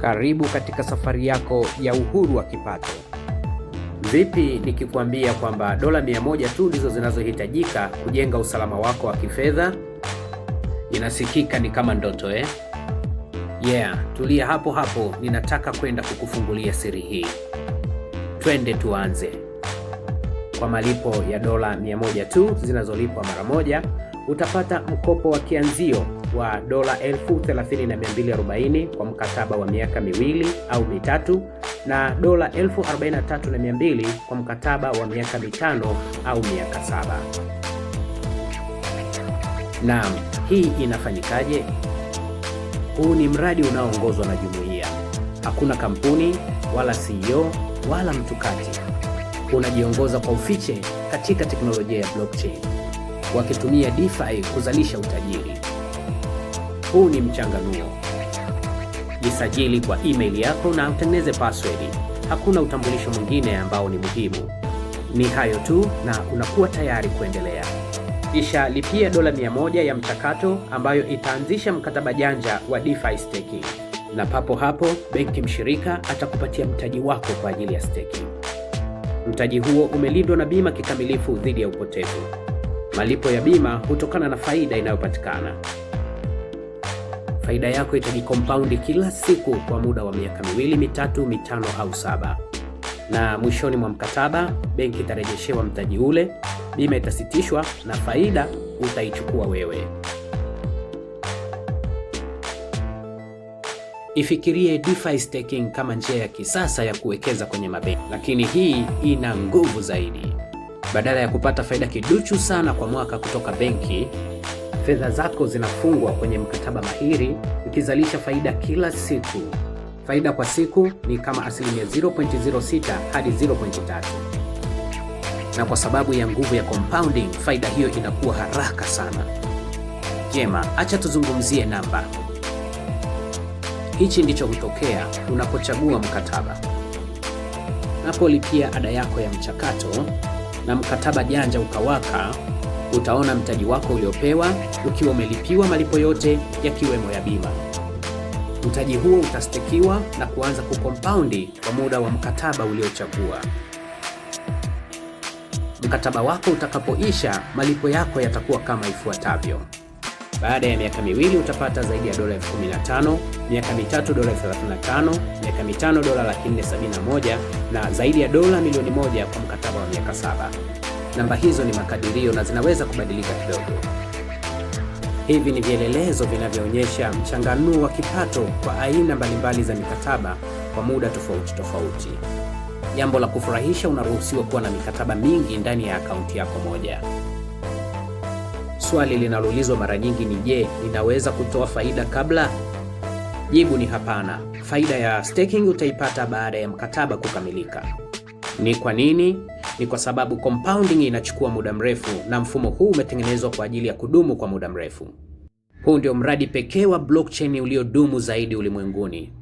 Karibu katika safari yako ya uhuru wa kipato. Vipi nikikwambia kwamba dola mia moja tu ndizo zinazohitajika kujenga usalama wako wa kifedha? Inasikika ni kama ndoto eh? Yeah, tulia hapo hapo, ninataka kwenda kukufungulia siri hii. Twende tuanze kwa malipo ya dola 100 tu zinazolipwa mara moja, utapata mkopo wa kianzio wa dola elfu 3240 kwa mkataba wa miaka miwili au mitatu na dola elfu 43200 kwa mkataba wa miaka mitano au miaka saba. Naam, hii inafanyikaje? Huu ni mradi unaoongozwa na jumuiya. Hakuna kampuni wala CEO wala mtu kati unajiongoza kwa ufiche katika teknolojia ya blockchain, wakitumia DeFi kuzalisha utajiri. Huu ni mchanganuo. Jisajili kwa email yako na utengeneze password. Hakuna utambulisho mwingine ambao ni muhimu. Ni hayo tu na unakuwa tayari kuendelea. Kisha lipia dola 100 ya mchakato ambayo itaanzisha mkataba janja wa DeFi staking, na papo hapo benki mshirika atakupatia mtaji wako kwa ajili ya staking. Mtaji huo umelindwa na bima kikamilifu dhidi ya upotevu. Malipo ya bima hutokana na faida inayopatikana. Faida yako itajikompaundi kila siku kwa muda wa miaka miwili, mitatu, mitano au saba, na mwishoni mwa mkataba benki itarejeshewa mtaji ule, bima itasitishwa na faida utaichukua wewe. ifikirie DeFi staking kama njia ya kisasa ya kuwekeza kwenye mabenki, lakini hii ina nguvu zaidi. Badala ya kupata faida kiduchu sana kwa mwaka kutoka benki, fedha zako zinafungwa kwenye mkataba mahiri ukizalisha faida kila siku. Faida kwa siku ni kama asilimia 0.06 hadi 0.3, na kwa sababu ya nguvu ya compounding, faida hiyo inakuwa haraka sana. Jema, acha tuzungumzie namba. Hichi ndicho hutokea unapochagua mkataba. Unapolipia ada yako ya mchakato na mkataba janja ukawaka, utaona mtaji wako uliopewa ukiwa umelipiwa malipo yote yakiwemo ya bima. Mtaji huo utastekiwa na kuanza kukompaundi kwa muda wa mkataba uliochagua. Mkataba wako utakapoisha, malipo yako yatakuwa kama ifuatavyo. Baada ya miaka miwili utapata zaidi ya dola elfu kumi na tano, miaka mitatu dola elfu thelathini na tano, miaka mitano dola laki nne sabini na moja na zaidi ya dola milioni moja kwa mkataba wa miaka saba. Namba hizo ni makadirio na zinaweza kubadilika kidogo. Hivi ni vielelezo vinavyoonyesha mchanganuo wa kipato kwa aina mbalimbali za mikataba kwa muda tofauti tofauti. Jambo la kufurahisha, unaruhusiwa kuwa na mikataba mingi ndani ya akaunti yako moja. Swali linaloulizwa mara nyingi ni je, ninaweza kutoa faida kabla? Jibu ni hapana. Faida ya staking utaipata baada ya mkataba kukamilika. Ni kwa nini? Ni kwa sababu compounding inachukua muda mrefu na mfumo huu umetengenezwa kwa ajili ya kudumu kwa muda mrefu. Huu ndio mradi pekee wa blockchain uliodumu zaidi ulimwenguni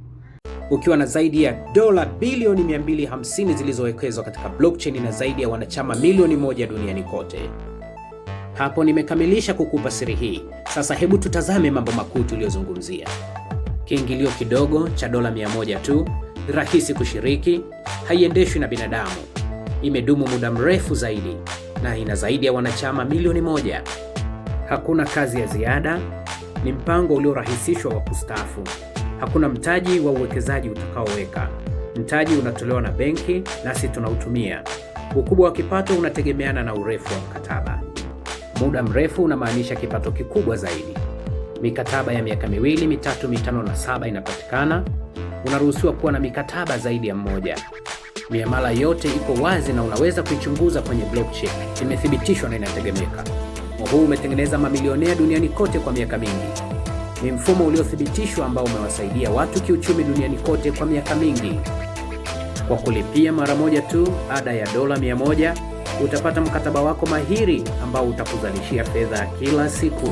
ukiwa na zaidi ya dola bilioni 250 zilizowekezwa katika blockchain na zaidi ya wanachama milioni moja duniani kote. Hapo nimekamilisha kukupa siri hii. Sasa hebu tutazame mambo makuu tuliyozungumzia. Kiingilio kidogo cha dola 100 tu, rahisi kushiriki, haiendeshwi na binadamu, imedumu muda mrefu zaidi na ina zaidi ya wanachama milioni moja. Hakuna kazi ya ziada, ni mpango uliorahisishwa wa kustaafu. Hakuna mtaji wa uwekezaji utakaoweka. Mtaji unatolewa na benki, nasi tunautumia. Ukubwa wa kipato unategemeana na urefu wa mkataba. Muda mrefu unamaanisha kipato kikubwa zaidi. Mikataba ya miaka miwili, mitatu, mitano na saba inapatikana. Unaruhusiwa kuwa na mikataba zaidi ya mmoja. Miamala yote iko wazi na unaweza kuichunguza kwenye blockchain. Imethibitishwa na inategemeka. Huu umetengeneza mamilionea duniani kote kwa miaka mingi. Ni mfumo uliothibitishwa ambao umewasaidia watu kiuchumi duniani kote kwa miaka mingi, kwa kulipia mara moja tu ada ya dola mia moja utapata mkataba wako mahiri ambao utakuzalishia fedha kila siku.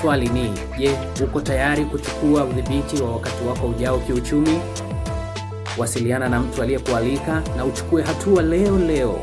Swali ni je, uko tayari kuchukua udhibiti wa wakati wako ujao kiuchumi? Wasiliana na mtu aliyekualika na uchukue hatua leo leo.